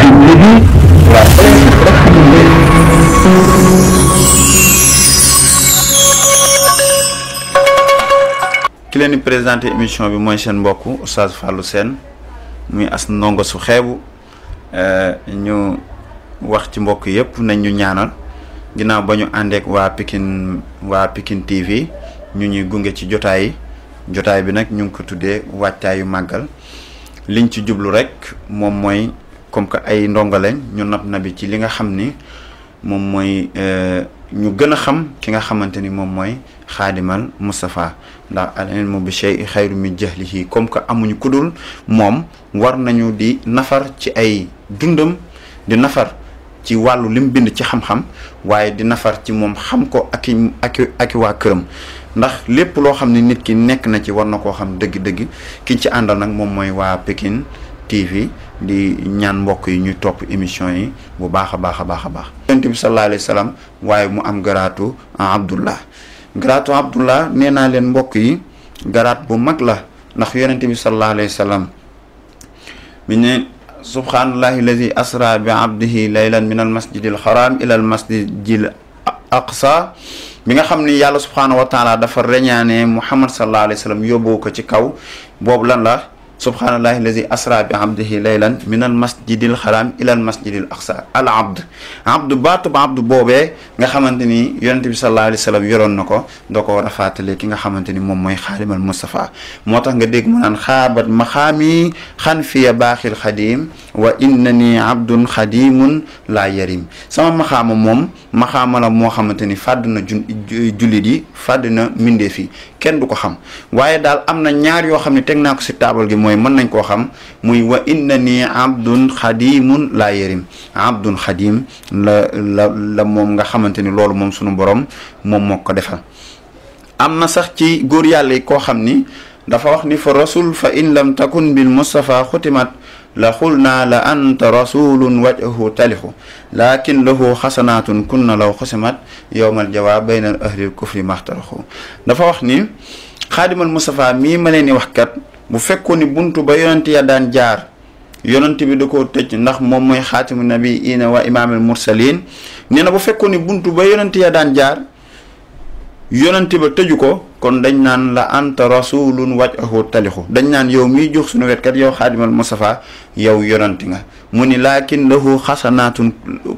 Léegi ki leen présenté émission bi mooy seen mbokk Oustaz Fallou Sène muy as ndongo su xeebu eh, ñu wax ci mbokk yëpp nañ ñu ñaanal ginnaaw ba ñu àndeek waa Pikine waa Pikine TV ñu ñuy gunge ci jotaay jotaay bi nag ñu ngi ko tuddee wàccaayu màggal liñ ci jublu rek moom mooy comme que ay ndongo lañ ñu nab nabi ci li nga xamni mom moy mooy euh, ñu gëna xam ki nga xamanteni mom moy khadimal mustafa ndax alain mu bi shay min jahlihi comme que amuñu kudul mom war nañu di nafar ci ay dundum di nafar ci walu lim bind ci xam-xam waye di nafar ci mom xam ko ak ak ak wa kërëm ndax lepp lo xamni nit ki nek na ci war na xam deug deug ki ci andal nak mom moy wa pekin tv di ñaan mbokk yi ñu topp émission yi bu baax a baax a baax a baax yonent bi sallallahu alayhi wa sallam waaye mu am garaatu abdullah garaatu abdullah nee naa leen mbokk yi garaat bu mag la ndax yonent bi sallallahu alayhi wa sallam mi ne subhanallahi alladi asra bi abdihi laylan min al masjid al haram ila al masjid al aqsa nga xam ni yàlla subhanahu wa dafa reñaane muhammad sallallahu alayhi wa sallam yóbboo ko ci kaw boobu lan la subhaanallahi allazi asra bi abdihi laylan min al masjidil xaram ila al masjidil aqsa al abd abd baatub abd boobee nga xamante ni yonente bi sallallahu alayhi wa sallam yoroon na ko ki nga xamante ni moom mooy xaadimal Mustafa moo tax nga dégg mu naan xaabat maxaami xan fiya baaxil xadim wa innani abdun xadimun laa yarim sama maxaama moom maxaama la moo xamante ni fàdd na jun jullit yi fàdd xam waaye daal am ñaar yoo xam ne teg naa ko gi mooy mooy mën nañ koo xam muy wa inna ni abdun xadimun laa yërim abdun xadim la la la moom nga xamante ni loolu moom sunu borom moom moo ko defal am na sax ci góor yàlla yi koo xam ni dafa wax ni fa rasul fa in lam takun bil mustafa xutimat la xul naa la anta rasulun wajahu talixu laakin lahu xasanaatun kunna law xusimat yowmal jawaab bayna ahlil kufri maxtaraxu dafa wax ni xaadimal mustafa mii ma leen di wax kat bu fekkoon ni buntu ba yonent ya daan jaar yonent bi da koo tëj ndax moom mooy xaatimu nabi ina wa imaamil mursalin nee na bu fekkoon ni buntu ba yonent ya daan jaar yonent ba tëju ko kon dañ naan la anta rasulun waj axu talixu dañ naan yow miy jox suñu wetkat yow xaadimal mustafa yow yonanti nga mu ni laakin lahu xasanaatun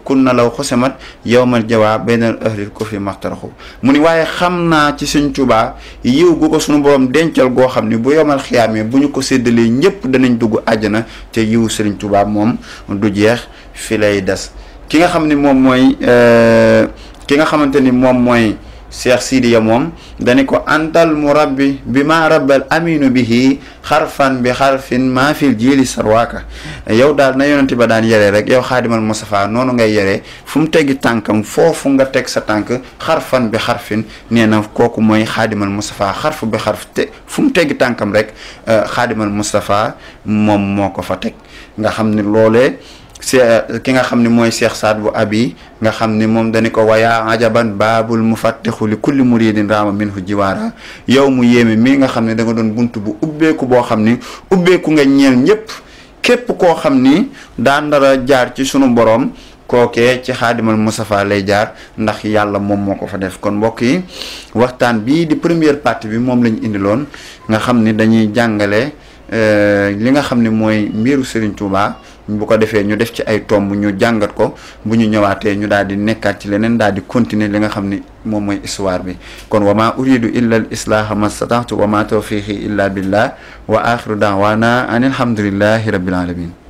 kunna law xusimat yowmal jawaa baynal ahlil kofi maxtaraxu mu ni waaye xam naa ci sëñ Tuubaa yiw gu ko sunu borom dencal goo xam ni bu yowmal xiyaamee bu ñu ko séddalee ñëpp danañ dugg àjjana te yiw sëriñ tubaab moom du jeex fi lay des ki nga xam ni moom mooy euh, ki nga xamante ni moom mooy شيخ سيدي يموم دانيكو انت المربي بما رب الامين به حرفا بحرف ما في الجيل سرواكا يو دال نا يونتي با دان رك يو خادم المصطفى نونو غاي يري فوم تيغي تانكم فوفو غا تك سا تانك حرفا بحرف نينا كوكو موي خادم المصطفى حرف بحرف تي فوم تيغي تانكم رك خادم المصطفى موم موكو فا تك غا خامني لوليه Euh, ki nga xam ne mooy Cheikh Saad bu abi nga xam ni moom dañu ko wayaa ajaban baabul mu mufattixu li kulli muridin raama minhu jiwaara yow mu yéeme mii nga xam ne da doon bunt bu ubbeeku boo xam ni ubbeeku nga ñeel ñépp képp koo xam ni daan dara jaar ci suñu boroom kookee ci xaadimal Mustafa lay jaar ndax yàlla moom moo ko fa def kon mbokk yi waxtaan bii di première partie bi moom lañu indiloon nga xam ni dañuy jàngale euh, li nga xam ne mooy mbiru Serigne Touba bu ko defee ñu def ci ay tomb ñu jàngat ko bu ñu ñëwaatee ñu daal di nekkaat ci leneen daal di continuer li nga xam ni moom mooy histoire bi kon wa ma uridu illa al islaaha ma stataatu wa ma tawfiqi illa billah wa axiru daawaana an alhamdulillahi rabbil alamin